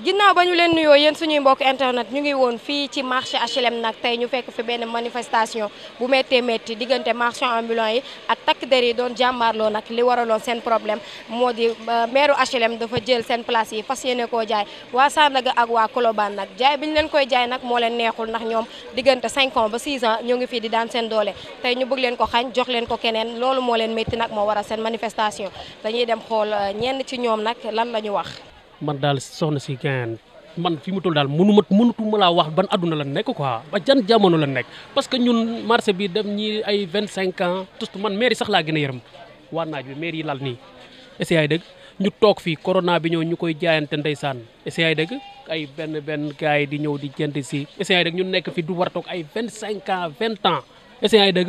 ginnaaw ba ñu leen nuyoo yéen suñuy mbokk internet ñu ngi woon fii ci marché HLM nag tey ñu fekk fi benn manifestation bu méttee métti diggante marchand ambulant yi ak takk der yi doon jàmmaarloo nag li waraloon seen problème moo di euh, maire HLM dafa jël seen place yi fas yéene koo jaay waa Sandaga ak waa Colobane nag jaay bi ñu leen koy jaay nag moo leen neexul ndax ñoom diggante 5 ans ba 6 ans ñoo ngi fii di daan seen doole tey ñu bëgg leen ko xañ jox leen ko keneen moo leen métti nag moo waral seen manifestation dañuy dem xool euh, ñenn ci ñoom nag lan la ñu wax man daal soxna si gaan man fi mu daal mënu ma mënutu ma laa wax ban àdduna la nekk quoi ba jan jamono la nekk parce que ñun marché bi dem ñi ay vingt cinq ans tout man mairie sax laa gën a yërëm waa naaj bi mairie yi lal nii est-ce yaay ñu toog fii corona bi ñëw ñu koy jaayante ndeysaan est ay yaay ay benn benn gars yi di ñëw di jënd si est-ce yaay ñu nekk fi du war a toog ay vingt cinq ans vingt ans est ay yaay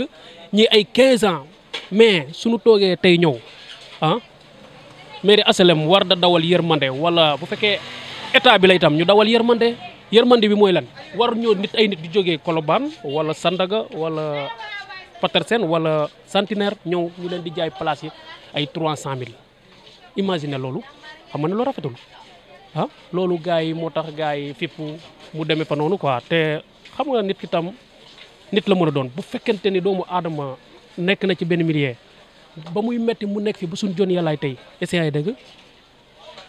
ñii ay quinze ans mais suñu toogee tey ñëw ah, mairie HLM war da dawal yërmande wala bu fekkee état bi la itam ñu dawal yërmande yërmande bi mooy lan war ñoo nit ay nit di jógee Colobane wala Sandaga wala Petersen wala Centenaire ñëw ñu leen di jaay place yi ay 300000 imagine loolu xam nga ne loo rafetul ah loolu gars yi moo tax gars yi fu mu demee fa noonu quoi te xam nga nit ki tam nit la mën a doon bu fekkente ni doomu aadama nekk na ci benn millier. ba muy metti mu nekk fi ba suñ jon yàllaay tey essayant yi dëgg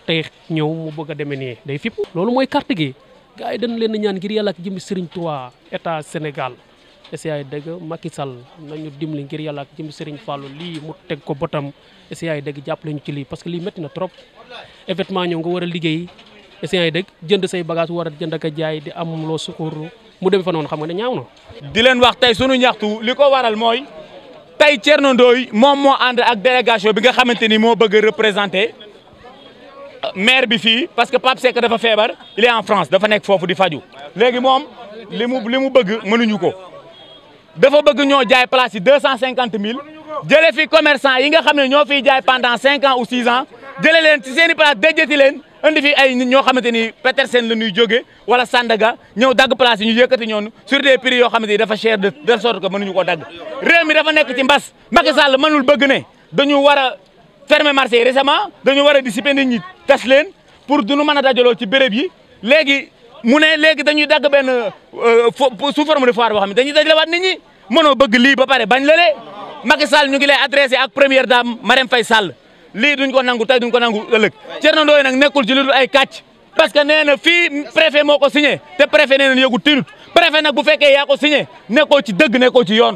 tey ñëw mu bëgg a demee nii day fipp loolu mooy carte gi gars yi dañ leen ñaan ngir yàlla ak jëmmi Serigne Touba état Sénégal essayant yi dëgg Macky Sall nañu dimbali ngir yàlla ak jëmmi Serigne Fallou lii mu teg ko botam essayant yi dëgg jàpp ñu ci lii parce que lii métti na trop événement ñëw nga war a liggéey essayant yi dëgg jënd say bagage war a jënd ak jaay di am loo suqur mu dem fa noonu xam nga ne ñaaw tey Thierno Ndoye moom moo ànd ak délégation bi nga xamante ni moo bëgg a représenté euh, maire bi fii parce que Pape Seck dafa feebar il en France dafa nekk foofu di faju léegi moom li mu li mu bëgg mënuñu ko dafa bëgg ñoo jaay place yi deux cent cinquante mille jële fi commerçant yi nga xam ne ñoo fiy jaay pendant cinq ans ou six ans jële leen ci seen i place leen indi fi ay nit ñoo xamante ni Petersen la ñuy jóge wala Sandaga ñëw dagg place yi ñu yëkkati ñoonu sur des prix yoo xamante ni dafa cher de de sorte que mënuñu ko dagg réew mi dafa nekk ci mbas Macky Sall mënul bëgg ne dañu war a fermer marché yi récemment dañu war a discipliner nit ñi tas leen pour duñu mën a dajaloo ci béréb yi léegi mu ne léegi dañuy dagg benn euh, sous forme de foire boo xam ne dañuy dajalewaat nit ñi mënoo bëgg lii ba pare bañ lële Macky Sall ñu ngi lay adressé ak première dame Marème Faye Sall lii duñ ko nangu tey duñ ko nangu ëllëg na Ndoye nag nekkul ci lu ay kàcc parce que nee na fii préfet moo ko signé te préfet nee na yëgu tinut préfet nag bu fekkee yaa ko signé nekkoo ci dëgg nekkoo ci yoon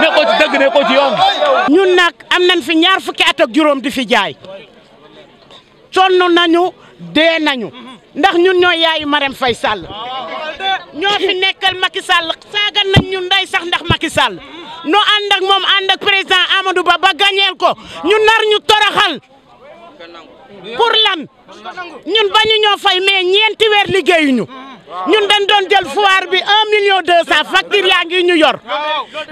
nekkoo ci dëgg nekkoo ci yoon ñun nag am nañ fi ñaar fukki at ak juróom di fi jaay sonn nañu dee nañu ndax ñun ñoo yaayi Marème fay Sall ñoo fi nekkal Macky Sall saagan nañ ñun ndey sax ndax Macky Sall nu ànd ak moom ànd ak président Amadou Ba ba gañeel ko ñu nar ñu toroxal pour lan ñun bañu ñoo fay mais ñeenti weer liggéeyuñu ñun dañ doon jël foire bi un million deux cent facture yaa ñu yor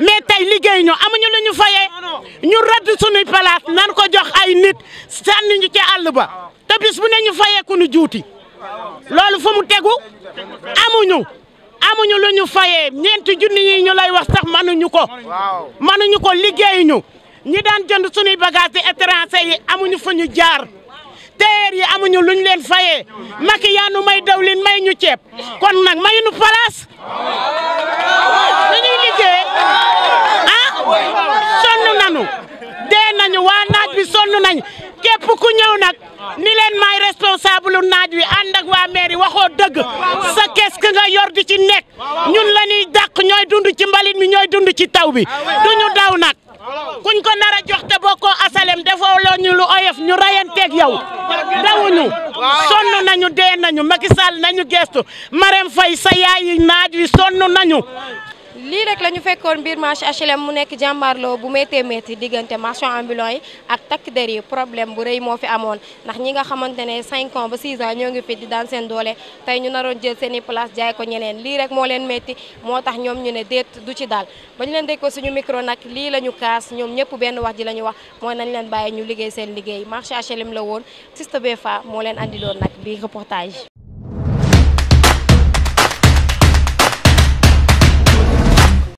mais tey liggéey ñu amuñu lu ñu fayee ñu rëdd suñuy palaas nan ko jox ay nit sànni ñu ci àll ba te bis bu ne ñu fayee ku ñu juuti loolu fu mu tegu amuñu amuñu lu ñu fayee ñeenti junni yi ñu lay wax sax mënuñu ko. mënuñu ko liggéeyuñu ñi daan jënd suñuy bagages yi étranger yi amuñu fu ñu jaar. teer yi amuñu luñ leen fayee Macky yaa nu may dawlin may ñu ceeb kon nag may nu place dañuy liggéey ah sonn nañu dee nañu waa naaj bi sonn nañ képp ku ñëw nag ni leen may responsable naaj wi ànd ak waa mairie waxoo dëgg. kesk nga yor di ci nekk ñun la ñuy dàq ñooy dund ci mbalit mi ñooy dund ci taw bi duñu daw nag kuñ ko nar jox te boo ko asalem defoo loo ñu lu oyof ñu rayanteeg yow dawuñu sonn nañu dee nañu ma Sall nañu gestu Marème Faye sa yaay yi naaj wi sonn nañu lii rek la ñu fekkoon mbir marché HLM mu nekk jàmbaarloo bu méttee métti diggante marchand ambulant yi ak takk der yi problème bu rëy moo fi amoon ndax ñi nga xamante ne 5 ans ba 6 ans ñoo ngi fi di daan seen doole tey ñu naroon jël seeni i place jaay ko ñeneen lii rek moo leen métti moo tax ñoom ñu ne déet du ci daal ba ñu leen dégg ko suñu micro nag lii la ñu kaas ñoom ñëpp benn wax ji la ñu wax mooy nañ leen bàyyi ñu liggéey seen liggéey marché HLM la woon Sista Befa leen andiloon nag bi reportage